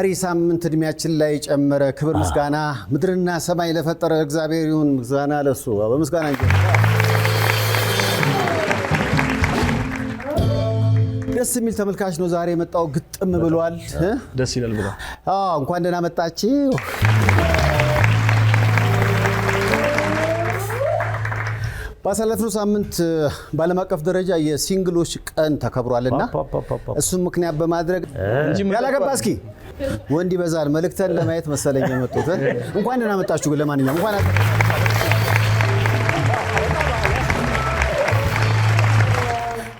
በዛሬ ሳምንት እድሜያችን ላይ ጨመረ። ክብር ምስጋና ምድርና ሰማይ ለፈጠረ እግዚአብሔር ይሁን። ምስጋና ለሱ በምስጋና ደስ የሚል ተመልካች ነው ዛሬ የመጣው። ግጥም ብሏል። ደስ ይላል ብሏል። እንኳን ደህና መጣች። ባሳለፍነው ሳምንት በዓለም አቀፍ ደረጃ የሲንግሎች ቀን ተከብሯልና እሱም ምክንያት በማድረግ ያላገባ እስኪ ወንድ ይበዛል። መልእክተን ለማየት መሰለኝ የመጡት እንኳን ደህና መጣችሁ። ግን ለማንኛውም እንኳን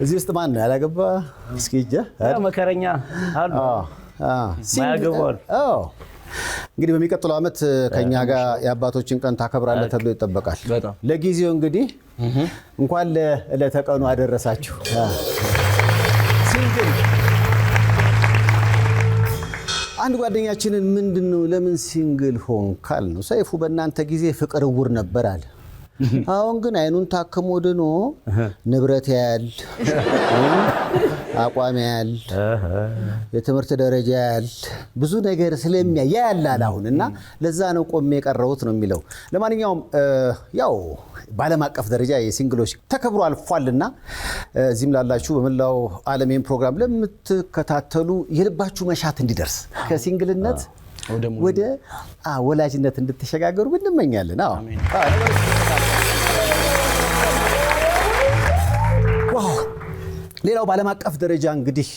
እዚህ ውስጥ ማን ነው ያላገባ? እስኪ መከረኛ አሉ እንግዲህ በሚቀጥለው ዓመት ከኛ ጋር የአባቶችን ቀን ታከብራለህ ተብሎ ይጠበቃል። ለጊዜው እንግዲህ እንኳን ለዕለተ ቀኑ አደረሳችሁ። አንድ ጓደኛችንን ምንድን ነው ለምን ሲንግል ካል ነው ሰይፉ በእናንተ ጊዜ ፍቅር እውር ነበር አለ። አሁን ግን አይኑን ታክሞ ድኖ ንብረት ያያል፣ አቋም ያል የትምህርት ደረጃ ያል ብዙ ነገር ስለሚያ ያያላል አሁን እና ለዛ ነው ቆሜ የቀረሁት ነው የሚለው። ለማንኛውም ያው በዓለም አቀፍ ደረጃ የሲንግሎች ተከብሮ አልፏልና እዚህም ላላችሁ በመላው ዓለም ፕሮግራም ለምትከታተሉ የልባችሁ መሻት እንዲደርስ ከሲንግልነት ወደ ወላጅነት እንድትሸጋገሩ እንመኛለን። ሌላው በዓለም አቀፍ ደረጃ እንግዲህ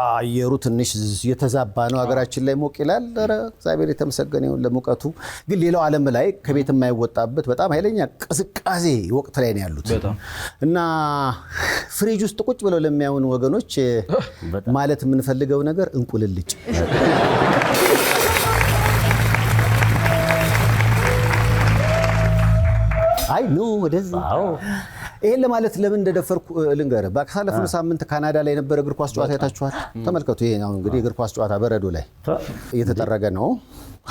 አየሩ ትንሽ የተዛባ ነው። ሀገራችን ላይ ሞቅ ይላል። ኧረ እግዚአብሔር የተመሰገነ ይሁን ለሙቀቱ። ግን ሌላው ዓለም ላይ ከቤት የማይወጣበት በጣም ኃይለኛ ቅዝቃዜ ወቅት ላይ ነው ያሉት እና ፍሪጅ ውስጥ ቁጭ ብለው ለሚያዩን ወገኖች ማለት የምንፈልገው ነገር እንቁልልጭ አይ ኑ ወደዚህ ይሄን ለማለት ለምን እንደደፈርኩ ልንገር። ባሳለፍነው ሳምንት ካናዳ ላይ የነበረ እግር ኳስ ጨዋታ አይታችኋል? ተመልከቱ። ይሄ አሁን እንግዲህ እግር ኳስ ጨዋታ በረዶ ላይ እየተጠረገ ነው።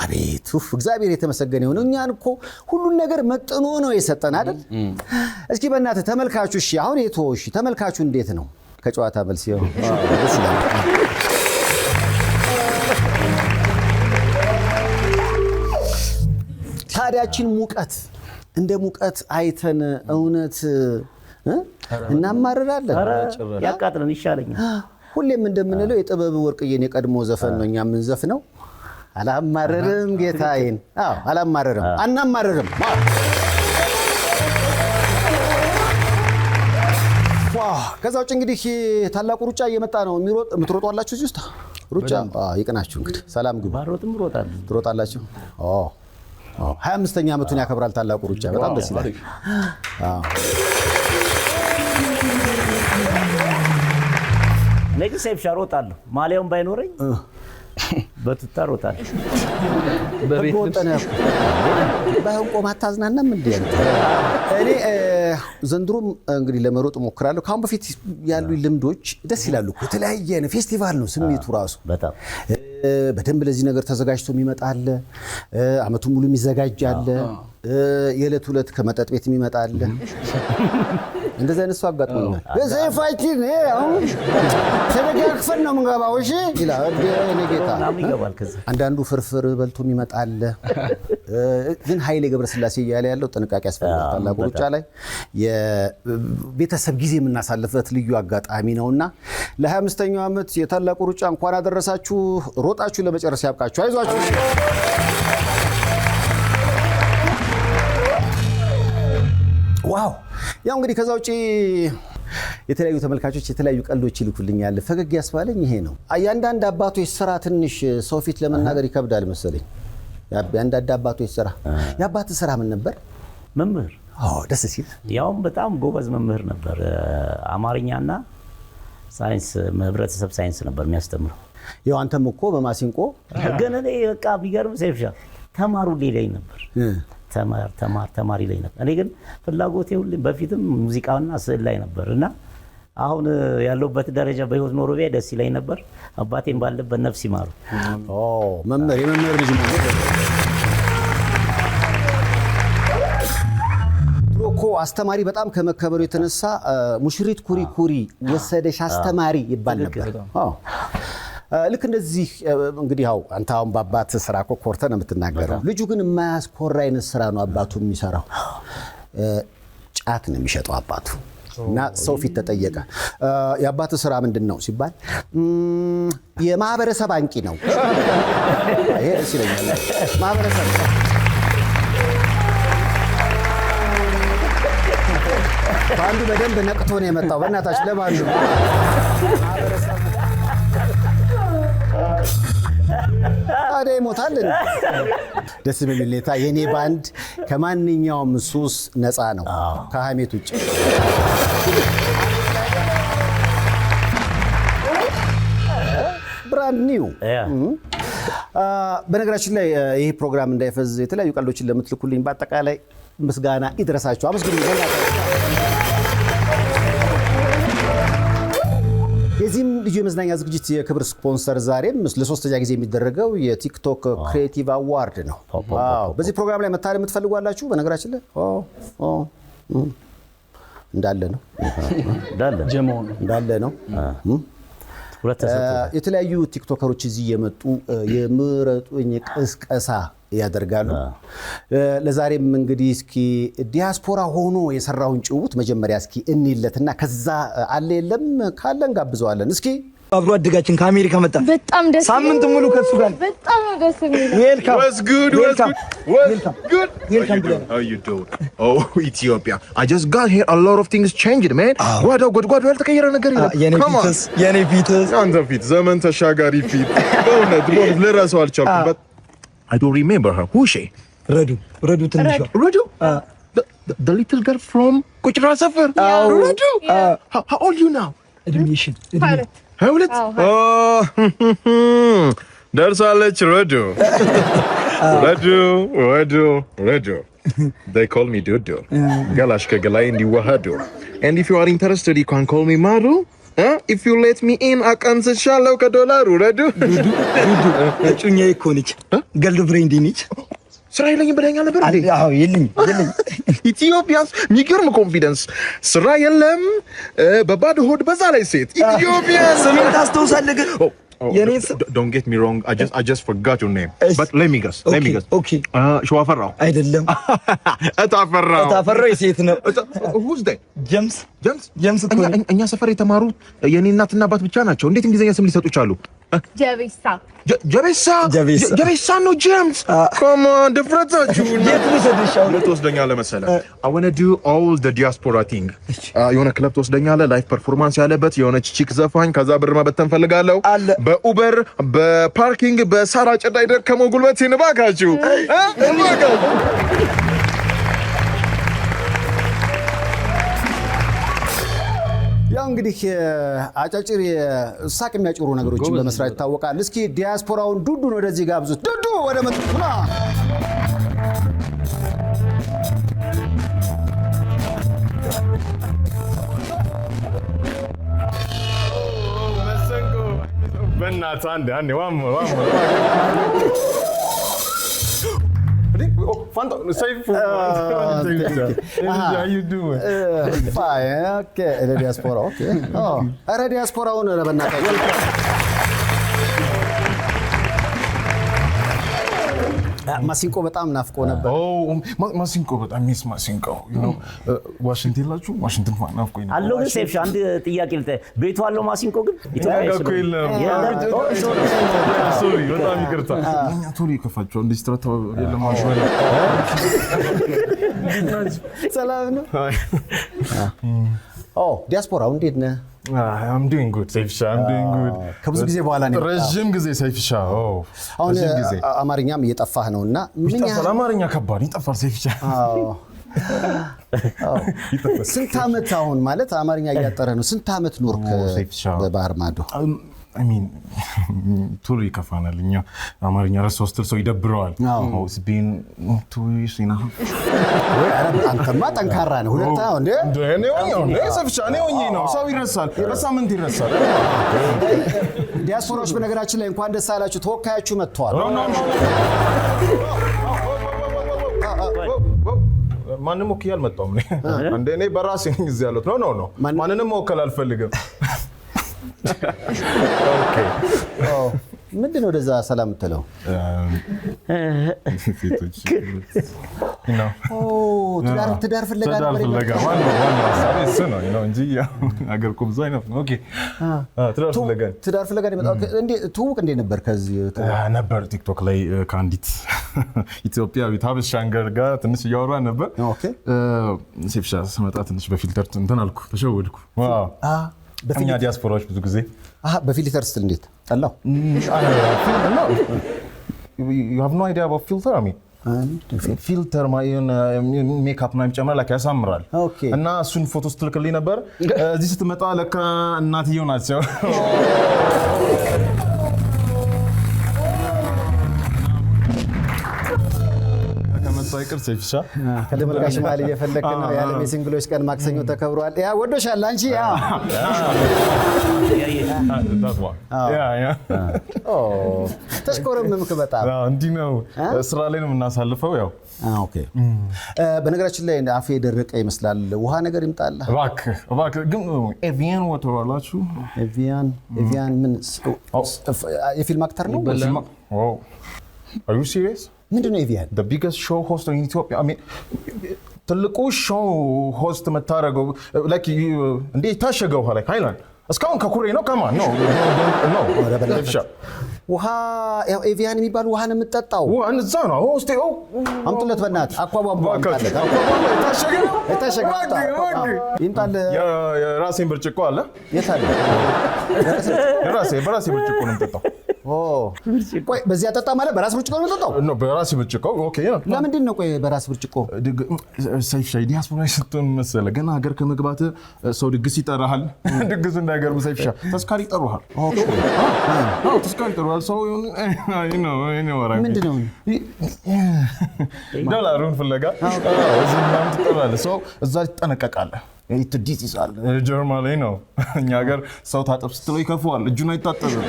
አቤት ፍ እግዚአብሔር የተመሰገነ ይሁን። እኛን እኮ ሁሉን ነገር መጥኖ ነው የሰጠን አይደል? እስኪ በእናትህ ተመልካቹ፣ እሺ አሁን የቶ እሺ ተመልካቹ እንዴት ነው ከጨዋታ መልስ ታዲያችን ሙቀት እንደ ሙቀት አይተን እውነት እናማርራለን። ያቃጥለን ይሻለኛል። ሁሌም እንደምንለው የጥበብ ወርቅዬን የቀድሞ ዘፈን ነው እኛ ነው። አላማረርም ጌታዬን፣ አላማረርም፣ አናማረርም። ከዛ ውጭ እንግዲህ ታላቁ ሩጫ እየመጣ ነው። የምትሮጡ አላችሁ እዚህ ውስጥ ሩጫ ይቅናችሁ። እንግዲህ ሰላም ግቡ። ትሮጣላችሁ ሀያ አምስተኛ ዓመቱን ያከብራል ታላቁ ሩጫ። በጣም ደስ ይላል። ኔክስት ሴፕሻ ሮጣለሁ። ማሊያውን ባይኖረኝ በቱታ ሮጣለሁ። በህንቆ ማታዝናናም እንዲ እኔ ዘንድሮም እንግዲህ ለመሮጥ እሞክራለሁ። ከአሁን በፊት ያሉ ልምዶች ደስ ይላሉ። የተለያየ ፌስቲቫል ነው ስሜቱ ራሱ በጣም በደንብ ለዚህ ነገር ተዘጋጅቶ የሚመጣ አለ። አመቱን ሙሉ የሚዘጋጅ አለ። የዕለት ሁለት ከመጠጥ ቤት የሚመጣ አለ። እንደዚህ አይነት ሰው አጋጥሞኛል። በሰይፋችን አሁን ተደጋግፈን ነው የምንገባው። እሺ ይላል እኔ ጌታ። አንዳንዱ ፍርፍር በልቶ ይመጣል። ግን ኃይሌ ገብረስላሴ እያለ ያለው ጥንቃቄ ያስፈልጋል። ታላቁ ሩጫ ላይ የቤተሰብ ጊዜ የምናሳልፍበት ልዩ አጋጣሚ ነውና ለ25ኛው ዓመት የታላቁ ሩጫ እንኳን አደረሳችሁ። ሮጣችሁ ለመጨረስ ያብቃችሁ። አይዟችሁ። ዋው ያው እንግዲህ ከዛ ውጭ የተለያዩ ተመልካቾች የተለያዩ ቀልዶች ይልኩልኛል። ፈገግ ያስባለኝ ይሄ ነው። የአንዳንድ አባቶች ስራ ትንሽ ሰው ፊት ለመናገር ይከብዳል መሰለኝ። የአንዳንድ አባቶች ስራ። የአባት ስራ ምን ነበር? መምህር። ደስ ሲል። ያውም በጣም ጎበዝ መምህር ነበር። አማርኛና ሳይንስ፣ ህብረተሰብ ሳይንስ ነበር የሚያስተምረው። ያው አንተም እኮ በማሲንቆ ግን እኔ በቃ ቢገርም ሴፍሻ ተማሩ ሌላኝ ነበር ተማር ተማር ተማር ይለኝ ነበር። እኔ ግን ፍላጎቴ ሁሌም በፊትም ሙዚቃና ስዕል ላይ ነበር እና አሁን ያለሁበት ደረጃ በህይወት ኖሮ ቢያ ደስ ይለኝ ነበር። አባቴም ባለበት ነፍስ ይማሩ። መምህር የመምህር ልጅ አስተማሪ በጣም ከመከበሩ የተነሳ ሙሽሪት ኩሪ ኩሪ ወሰደሽ አስተማሪ ይባል ነበር። ልክ እንደዚህ እንግዲህ ያው አንተ አሁን በአባት ስራ እኮ ነው የምትናገረው። ልጁ ግን የማያስኮራ አይነት ስራ ነው አባቱ የሚሰራው። ጫት ነው የሚሸጠው አባቱ እና ሰው ፊት ተጠየቀ። የአባት ስራ ምንድን ነው ሲባል የማህበረሰብ አንቂ ነው። ይሄ ደስ ይለኛል። ማህበረሰብ በደንብ ነቅቶ ነው የመጣው። በእናታችን ለማንዱ ታዲያ ይሞታል። ደስ በሚል ሁኔታ የእኔ ባንድ ከማንኛውም ሱስ ነፃ ነው ከሀሜት ውጭ። ብራንድ ኒው በነገራችን ላይ ይህ ፕሮግራም እንዳይፈዝ የተለያዩ ቀልዶችን ለምትልኩልኝ በአጠቃላይ ምስጋና ይድረሳቸው። አመስግኑ። የዚህም ልዩ የመዝናኛ ዝግጅት የክብር ስፖንሰር ዛሬም ለሶስተኛ ጊዜ የሚደረገው የቲክቶክ ክሬቲቭ አዋርድ ነው። በዚህ ፕሮግራም ላይ መታደም የምትፈልጓላችሁ በነገራችን ላይ እንዳለ ነው እንዳለ ነው የተለያዩ ቲክቶከሮች እዚህ እየመጡ የምረጡኝ ቅስቀሳ ያደርጋሉ። ለዛሬም እንግዲህ እስኪ ዲያስፖራ ሆኖ የሰራውን ጭውውት መጀመሪያ እስኪ እንይለትና ከዛ አለ የለም ካለ እንጋብዘዋለን እስኪ አብሮ አደጋችን ከአሜሪካ መጣ። በጣም ደስ ሳምንት ሙሉ ከሱ ጋር በጣም ደስ የሚል ዌልካም ወዝ ጉድ ወዝ ጉድ ዌልካም ብለህ አው ዩ ዱ ኦ ኢትዮጵያ አይ ጀስት ጋት ሂር አ ሎት ኦፍ ቲንግስ ቼንጅድ ማን ወዲያው ጎድጓዱ ያልተቀየረ ነገር የለም። የኔ ፊት አንተ ፊት ዘመን ተሻጋሪ ፊት በእውነት ልረሳው አልቻልኩም። በት አይ ዶንት ሪሜምበር ሄር ሁሼ ረዱ ረዱ ትንሿ ረዱ ዘ ሊትል ገርል ፍሮም ቁጭራ ሰፈር ረዱ ሃው ኦልድ ዩ ናው እድሜሽን ሀያ ሁለት ደርሳለች። ረዶ ረዶ ረዶ ረዶ they call me dodo ገላሽ ከገላይ እንዲዋሃዱ and if you are interested you can call me ማሩ if you let me in አቀንስሻለሁ ከዶላሩ ረዶ ዱዱ እኮ ነች ገልፍሬንድ ነች ስራ የለኝም ብለኸኛል ነበር። አዎ የሚገርም ኮንፊደንስ። ስራ የለም በባድ ሆድ፣ በዛ ላይ ሴት ኢትዮጵያ። ታስተውሳለህ ግን ዶንት ጌት ሚ ሮንግ አይ ጀስት ፎርጋት ኔም በት ሌት ሚ ገስ ሌት ሚ ገስ ኦኬ አይደለም የሴት ነው ሁዝ ጀምስ ጀምስ ጀምስ እኛ ሰፈር የተማሩ የኔ እናትና አባት ብቻ ናቸው እንዴት እንግሊዝኛ ስም ሊሰጡ ጀቤሳ ነው ጀምስ ድፍረታችሁ ትወስደኛለህ መሰለህ የሆነ ክለብ ትወስደኛለህ ላይፍ ፐርፎርማንስ ያለበት የሆነች ቺክ ዘፋኝ ከዛ ብር መበተን እፈልጋለሁ በኡበር በፓርኪንግ በሳራ ጭዳ የደከመው ጉልበት እባካችሁ ሌላው እንግዲህ አጫጭር ሳቅ የሚያጭሩ ነገሮችን በመስራት ይታወቃል። እስኪ ዲያስፖራውን ዱዱን ወደዚህ ጋብዙት። ዱዱ ወደ መጡና በእናትህ አንድ Oh, Fanto, saya pun. Uh, ah, okay. Ah. you do it. Eh. Eh, fine, eh. okay. Ada diaspora, okay. Oh, ada diaspora owner dapat nak. Welcome. ማሲንቆ በጣም ናፍቆ ነበር። ማሲንቆ በጣም ሚስ ማሲንቆ ዋሽንት የላችሁ ዋሽንትን ናፍቆ አለው። ግን ሴፍ አንድ ጥያቄ ልጠ ቤቱ አለው ማሲንቆ ግን በጣም ይቅርታ ቶሎ ይከፋቸዋል። እንደ ስትራት የለም ሰላም ነው። ዲያስፖራው እንዴት ነህ? ከብዙ ጊዜ በኋላ ረዥም ጊዜ ሰይፍሻ፣ አሁን አማርኛም እየጠፋህ ነው እና አማርኛ ከባድ ይጠፋል። ሰይፍሻ ስንት ዓመት አሁን ማለት አማርኛ እያጠረ ነው። ስንት ዓመት ኖርክ በባህር ማዶ? ቶሎ ይከፋናል። እኛ አማርኛ ረሳሁ ስትል ሰው ይደብረዋል። አንተማ ጠንካራ ነህ። ሁለት ነው ሰው ይረሳል፣ በሳምንት ይረሳል። ዲያስፖራዎች በነገራችን ላይ እንኳን ደስ አላችሁ፣ ተወካያችሁ መጥተዋል። ማንም ወክዬ አልመጣሁም። እኔ በራሴ ጊዜ ያሉት ነው። ማንንም መወከል አልፈልግም። ምንድን ነው ወደዛ ሰላም ምትለው? ትዳር ፍለጋ ትውውቅ እንዴት ነበር? ከዚህ ነበር ቲክቶክ ላይ ከአንዲት ኢትዮጵያዊት ሀበሻንገር ጋር ትንሽ እያወራን ነበር። ሴፍሻ ስመጣ ትንሽ በፊልተር እንትን አልኩ፣ ተሸወድኩ እኛ ዲያስፖራዎች ብዙ ጊዜ በፊልተር ስትል እንዴት ጠላው። ኖ አይዲያ ፊልተር ፊልተር ሜካፕ ምናምን ያሳምራል። እና እሱን ፎቶ ስትልክልኝ ነበር። እዚህ ስትመጣ ለካ እናትየው ናቸው። ሳይቀር ሴፍሻ ሻ ማል እየፈለግ ነው። የዓለም የሲንግሎች ቀን ማክሰኞ ተከብሯል። ያ ወዶሻል አንቺ ተሽኮረምምክ በጣም እንዲህ ነው። ስራ ላይ ነው የምናሳልፈው። ያው በነገራችን ላይ አፌ የደረቀ ይመስላል። ውሃ ነገር ይምጣልህ እባክህ እባክህ። ግን ኤቪያን ወተር አላችሁ? ኤቪያን ምን የፊልም አክተር ነው? ዩ ሲሪየስ ምንድን ነው ኤቪያን ቢገስት ሾው ሆስት ኢትዮጵያ ትልቁ ሾው ሆስት የምታደርገው እንዴ የታሸገ ውሃ ላይ ሃይላንድ እስካሁን ከኩሬ ነው ከማን ነው ውሃ ኤቪያን የሚባል ውሃ ነው የምጠጣው እዛ ነው ሆስቴ አምጡለት በእናትህ አኳቧን የራሴን ብርጭቆ አለ የት በራሴ ብርጭቆ ነው የምጠጣው ቆይ በዚህ አጠጣ ማለት በራስ ብርጭቆ ነው የምጠጣው? በራስ ብርጭቆ። ኦኬ። ለምንድን ነው ቆይ በራስ ብርጭቆ? ሰይፍ ሻይ ዲያስፖራ ስትሆን መሰለህ ገና ሀገር ከመግባት ሰው ድግስ ይጠራሃል። ድግሱ እንዳይገርም ሰይፍ ሻይ ተስካሪ ይጠሩሃል። ተስካሪ ይጠሩሃል። ሰው ምንድን ነው ዶላሩን ፍለጋ እዛ ትጠነቀቃለህ። ዲስ ይዛል። ጀርመን ላይ ነው። እኛ ሀገር ሰው ታጠብ ስትለው ይከፈዋል። እጁን አይታጠብም።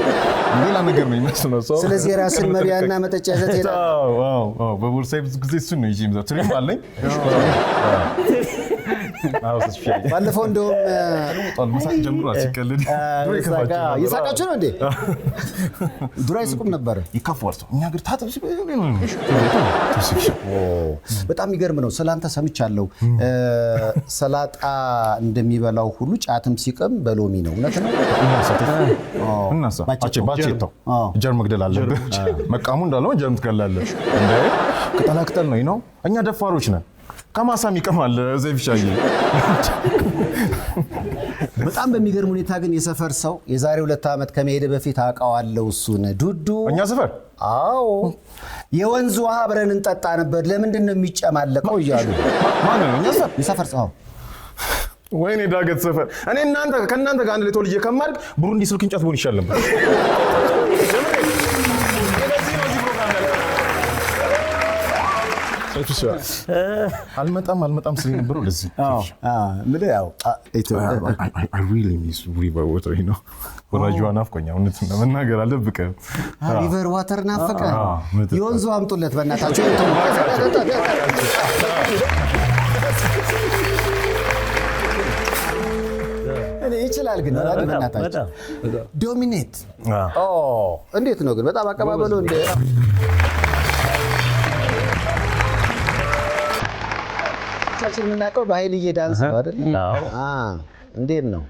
ሌላ ነገር ነው ይመስለው ሰው። ስለዚህ የራስን እና መጠጫ ይዘት ይላል። በቦርሳዬ ብዙ ጊዜ እሱን ነው ይዤ ትሪም አለኝ ባለፈው እንደውም እየሳቃችሁ ነው እንዴ? ድሮ አይስቁም ነበረ። በጣም የሚገርም ነው። ስላንተ ሰምቻለሁ። ሰላጣ እንደሚበላው ሁሉ ጫትም ሲቅም በሎሚ ነው። እውነት ነው። ጀርም መግደል አለብህ። መቃሙ እንዳለ ጀርም ትገላለህ። ቅጠላቅጠል ነው ነው። እኛ ደፋሮች ነን። ከማሳም ይቀማል ዘይፍ ሻይ። በጣም በሚገርም ሁኔታ ግን የሰፈር ሰው የዛሬ ሁለት ዓመት ከመሄደ በፊት አውቀዋለሁ እሱን ዱዱ እኛ ሰፈር አዎ የወንዝ ውሃ አብረን እንጠጣ ነበር። ለምንድን ነው የሚጨማለቀው እያሉ የሰፈር ሰው ወይኔ ዳገት ሰፈር እኔ እናንተ ከእናንተ ጋር አንድ ላይ ተወልጄ ከማድረግ ብሩንዲ ስልክ እንጨት ብሆን ይሻል ነበር። አልመጣም አልመጣም ስል ነበረው። ለዚህ ወራጅዋ ናፍቆኛ እውነት ለመናገር አልደብቅም። ሪቨር ዋተር ናፈቀ። የወንዙ አምጡለት በእናታቸው ይችላል ግን በእናታችን ዶሚኔት እንዴት ነው ግን በጣም አቀባበሉ ሁላችን የምናውቀው በሀይልዬ ዳንስ ነው አይደል? እንዴት ነው?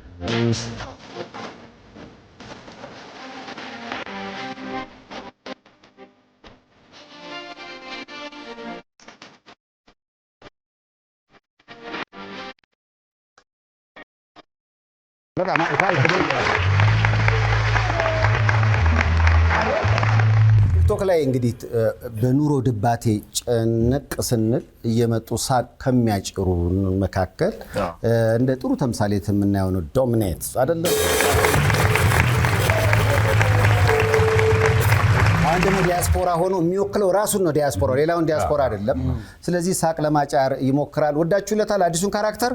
በጣም እንግዲህ በኑሮ ድባቴ ጨነቅ ስንል እየመጡ ሳቅ ከሚያጭሩ መካከል እንደ ጥሩ ተምሳሌት የምናየው ነው ዶሚኔት አይደለም። ደግሞ ዲያስፖራ ሆኖ የሚወክለው ራሱን ነው ዲያስፖራ፣ ሌላውን ዲያስፖራ አይደለም። ስለዚህ ሳቅ ለማጫር ይሞክራል። ወዳችሁለታል አዲሱን ካራክተር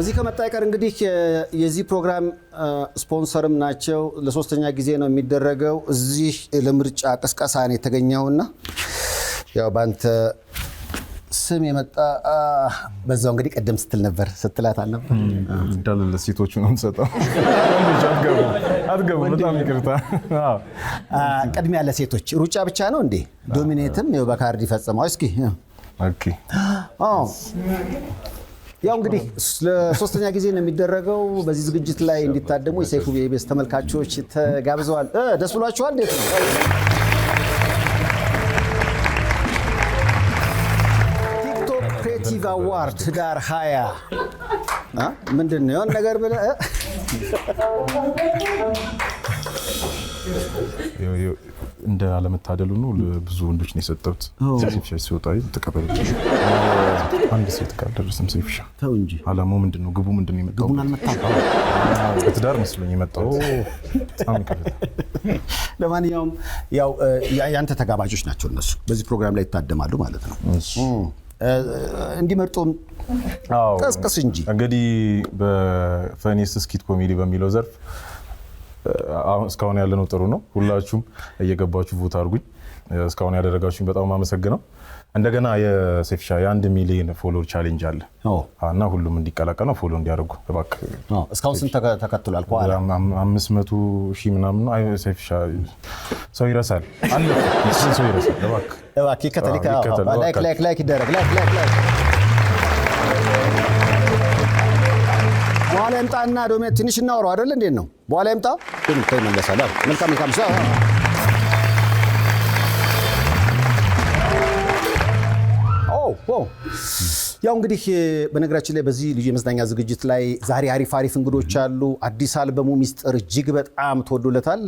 እዚህ ከመጣ ይቀር እንግዲህ የዚህ ፕሮግራም ስፖንሰርም ናቸው። ለሶስተኛ ጊዜ ነው የሚደረገው። እዚህ ለምርጫ ቅስቀሳ ነው የተገኘውና ያው በአንተ ስም የመጣ በዛው እንግዲህ ቀደም ስትል ነበር ስትላት አልነበር እንዳለ ለሴቶቹ ነው የምሰጠው። አትገቡ በጣም ይቅርታ። ቅድሚያ ለሴቶች ሩጫ ብቻ ነው እንዴ? ዶሚኔትም በካርድ ይፈጽመው እስኪ ያው እንግዲህ ለሶስተኛ ጊዜ ነው የሚደረገው። በዚህ ዝግጅት ላይ እንዲታደሙ የሰይፉ ኢቢኤስ ተመልካቾች ተጋብዘዋል። ደስ ብሏችኋል? እንዴት ነው? ቲክቶክ ክሬቲቭ አዋርድ ህዳር 20 ምንድን ነው የሆነ ነገር ብለህ እንደ አለመታደሉ ነው። ብዙ ወንዶች ነው የሰጠሁት። ሴፍ ሲወጣ ተቀበለ። አንድ ሴት ካልደረስም ሴፍ ሻይ ተው እንጂ። አላማው ምንድን ነው? ግቡ ምንድን ነው? የመጣው በትዳር መስሎኝ የመጣው ለማንኛውም ያው የአንተ ተጋባዦች ናቸው እነሱ በዚህ ፕሮግራም ላይ ይታደማሉ ማለት ነው። እንዲመርጡም ቀስቀስ እንጂ እንግዲህ በፈኔስ ስኪት ኮሜዲ በሚለው ዘርፍ እስካሁን ያለነው ጥሩ ነው። ሁላችሁም እየገባችሁ ቮት አድርጉኝ። እስካሁን ያደረጋችሁኝ በጣም አመሰግነው። እንደገና የሴፍሻ የአንድ ሚሊዮን ፎሎር ቻሌንጅ አለ እና ሁሉም እንዲቀላቀል ነው ፎሎ እንዲያደርጉ እባክህ። እስካሁን ስንት ተከትሏል? አምስት መቶ ሺህ ምናምን ነው። ሴፍሻ ሰው ይረሳል ሰው ይረሳል። እባክህ ይከተል። ላይክ ላይክ ላይክ ይደረግ። ላይክ ላይክ ላይክ ይምጣና ዶሜ ትንሽ እናወረው አይደል? እንዴት ነው በኋላ ይምጣ ግን ተይ መለሳለ። መልካም መልካም ሰ ያው እንግዲህ በነገራችን ላይ በዚህ ልዩ የመዝናኛ ዝግጅት ላይ ዛሬ አሪፍ አሪፍ እንግዶች አሉ። አዲስ አልበሙ ሚስጥር እጅግ በጣም ተወዶለታል።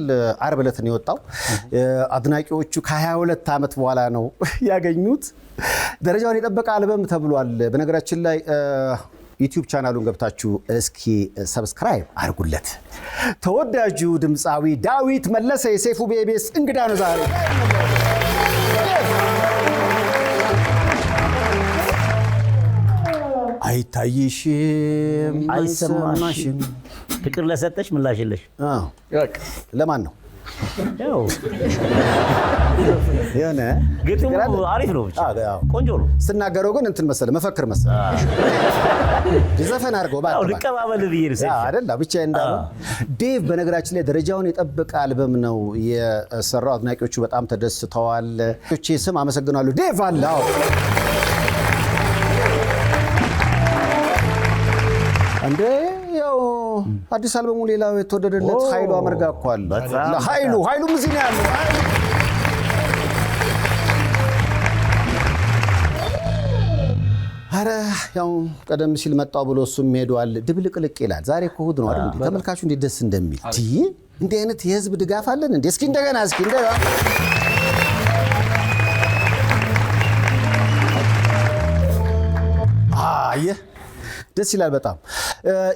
አርብ ዕለት ነው የወጣው። አድናቂዎቹ ከ22 ዓመት በኋላ ነው ያገኙት። ደረጃውን የጠበቀ አልበም ተብሏል። በነገራችን ላይ ዩቲዩብ ቻናሉን ገብታችሁ እስኪ ሰብስክራይብ አድርጉለት። ተወዳጁ ድምፃዊ ዳዊት መለሰ የሴፉ ቤቤስ እንግዳ ነው ዛሬ። አይታይሽም፣ አይሰማሽም። ፍቅር ለሰጠሽ ምላሽ የለሽ። ለማን ነው? ያው የሆነ ግጥሙ አሪፍ ነው፣ ቆንጆ ነው። ስናገረው ግን እንትን መሰለ መፈክር መሰለ ዘፈን አድርገው ልቀባበል ብዬ ብቻ ዴቭ። በነገራችን ላይ ደረጃውን የጠበቀ አልበም ነው የሰራው። አድናቂዎቹ በጣም ተደስተዋል። ስም አመሰግናለሁ ዴቭ አለው አዲስ አልበሙ ሌላው የተወደደለት ኃይሉ አመርጋ እኮ አለ። ኃይሉ ኃይሉም እዚህ ነው ያለው። አረ ያው ቀደም ሲል መጣው ብሎ እሱም ሄደዋል። ድብልቅልቅ ይላል። ዛሬ እኮ እሑድ ነው አይደል? ተመልካቹ እንዴት ደስ እንደሚል እንዲህ አይነት የህዝብ ድጋፍ አለን እንዴ! እስኪ እንደገና እስኪ እንደገና አየህ፣ ደስ ይላል በጣም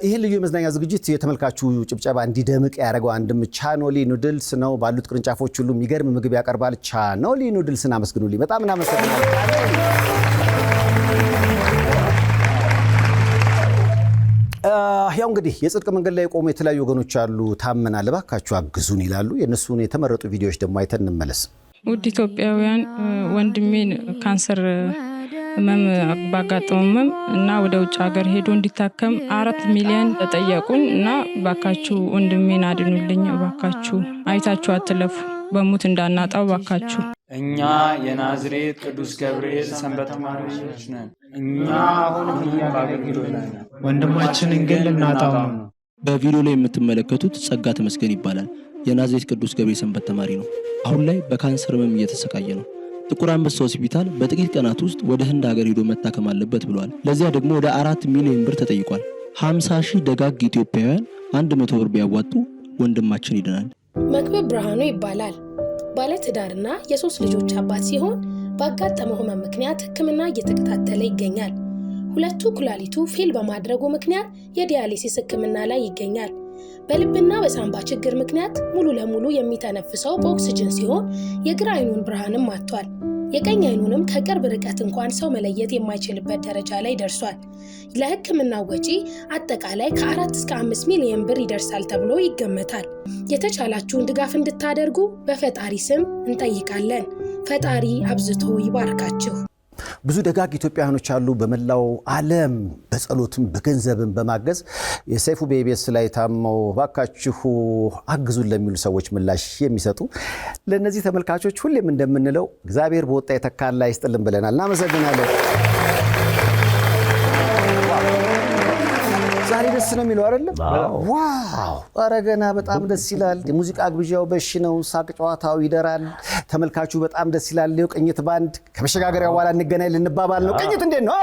ይህ ልዩ የመዝናኛ ዝግጅት የተመልካቹ ጭብጨባ እንዲደምቅ ያደረገው አንድም ቻኖሊ ኑድልስ ነው። ባሉት ቅርንጫፎች ሁሉ የሚገርም ምግብ ያቀርባል። ቻኖሊ ኑድልስን አመስግኑልኝ። በጣም እናመሰግናለን። ያው እንግዲህ የጽድቅ መንገድ ላይ የቆሙ የተለያዩ ወገኖች አሉ። ታመናል፣ እባካችሁ አግዙን ይላሉ። የእነሱን የተመረጡ ቪዲዮዎች ደግሞ አይተን እንመለስ። ውድ ኢትዮጵያውያን፣ ወንድሜን ካንሰር ህመም ባጋጠሙ ህመም እና ወደ ውጭ ሀገር ሄዶ እንዲታከም አራት ሚሊዮን ተጠየቁን እና ባካችሁ ወንድሜን አድኑልኝ፣ ባካችሁ አይታችሁ አትለፉ፣ በሙት እንዳናጣው ባካችሁ። እኛ የናዝሬት ቅዱስ ገብርኤል ሰንበት ተማሪዎች ነን። እኛ አሁን ወንድማችንን ግን ልናጣው ነው። በቪዲዮ ላይ የምትመለከቱት ጸጋ ተመስገን ይባላል። የናዝሬት ቅዱስ ገብርኤል ሰንበት ተማሪ ነው። አሁን ላይ በካንሰር ህመም እየተሰቃየ ነው። ጥቁር አንበሳ ሆስፒታል በጥቂት ቀናት ውስጥ ወደ ህንድ ሀገር ሄዶ መታከም አለበት ብሏል። ለዚያ ደግሞ ወደ አራት ሚሊዮን ብር ተጠይቋል። 50 ሺህ ደጋግ ኢትዮጵያውያን አንድ መቶ ብር ቢያዋጡ ወንድማችን ይድናል። መክብብ ብርሃኑ ይባላል። ባለ ትዳርና የሶስት ልጆች አባት ሲሆን ባጋጠመው ህመም ምክንያት ህክምና እየተከታተለ ይገኛል። ሁለቱ ኩላሊቱ ፌል በማድረጉ ምክንያት የዲያሊሲስ ህክምና ላይ ይገኛል። በልብና በሳንባ ችግር ምክንያት ሙሉ ለሙሉ የሚተነፍሰው በኦክስጅን ሲሆን የግራ አይኑን ብርሃንም አጥቷል። የቀኝ አይኑንም ከቅርብ ርቀት እንኳን ሰው መለየት የማይችልበት ደረጃ ላይ ደርሷል። ለሕክምና ወጪ አጠቃላይ ከአራት እስከ አምስት ሚሊዮን ብር ይደርሳል ተብሎ ይገመታል። የተቻላችሁን ድጋፍ እንድታደርጉ በፈጣሪ ስም እንጠይቃለን። ፈጣሪ አብዝቶ ይባርካችሁ። ብዙ ደጋግ ኢትዮጵያውያኖች አሉ በመላው ዓለም በጸሎትም በገንዘብም በማገዝ የሰይፉ ቤቤስ ላይ ታመው ባካችሁ አግዙን ለሚሉ ሰዎች ምላሽ የሚሰጡ ለእነዚህ ተመልካቾች ሁሌም እንደምንለው እግዚአብሔር በወጣ የተካላ ይስጥልን ብለናል። እናመሰግናለን። ደስ ነው የሚለው አይደለም። ዋው ኧረ ገና በጣም ደስ ይላል። የሙዚቃ ግብዣው በሺ ነው። ሳቅ ጨዋታው ይደራል። ተመልካቹ በጣም ደስ ይላል። ቅኝት ባንድ ከመሸጋገሪያ በኋላ እንገናኝ ልንባባል ነው። ቅኝት እንዴት ነው?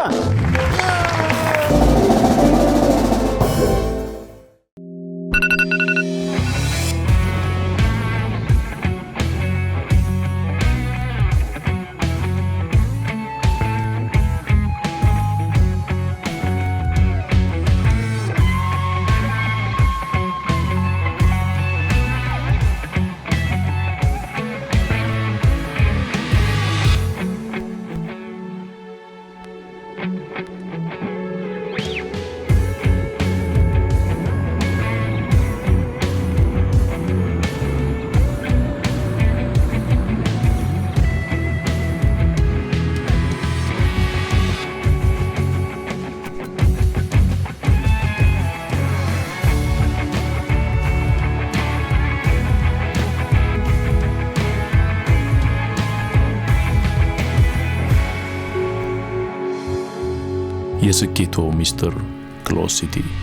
የስኬቶ ሚስጥር ክሎሲቲ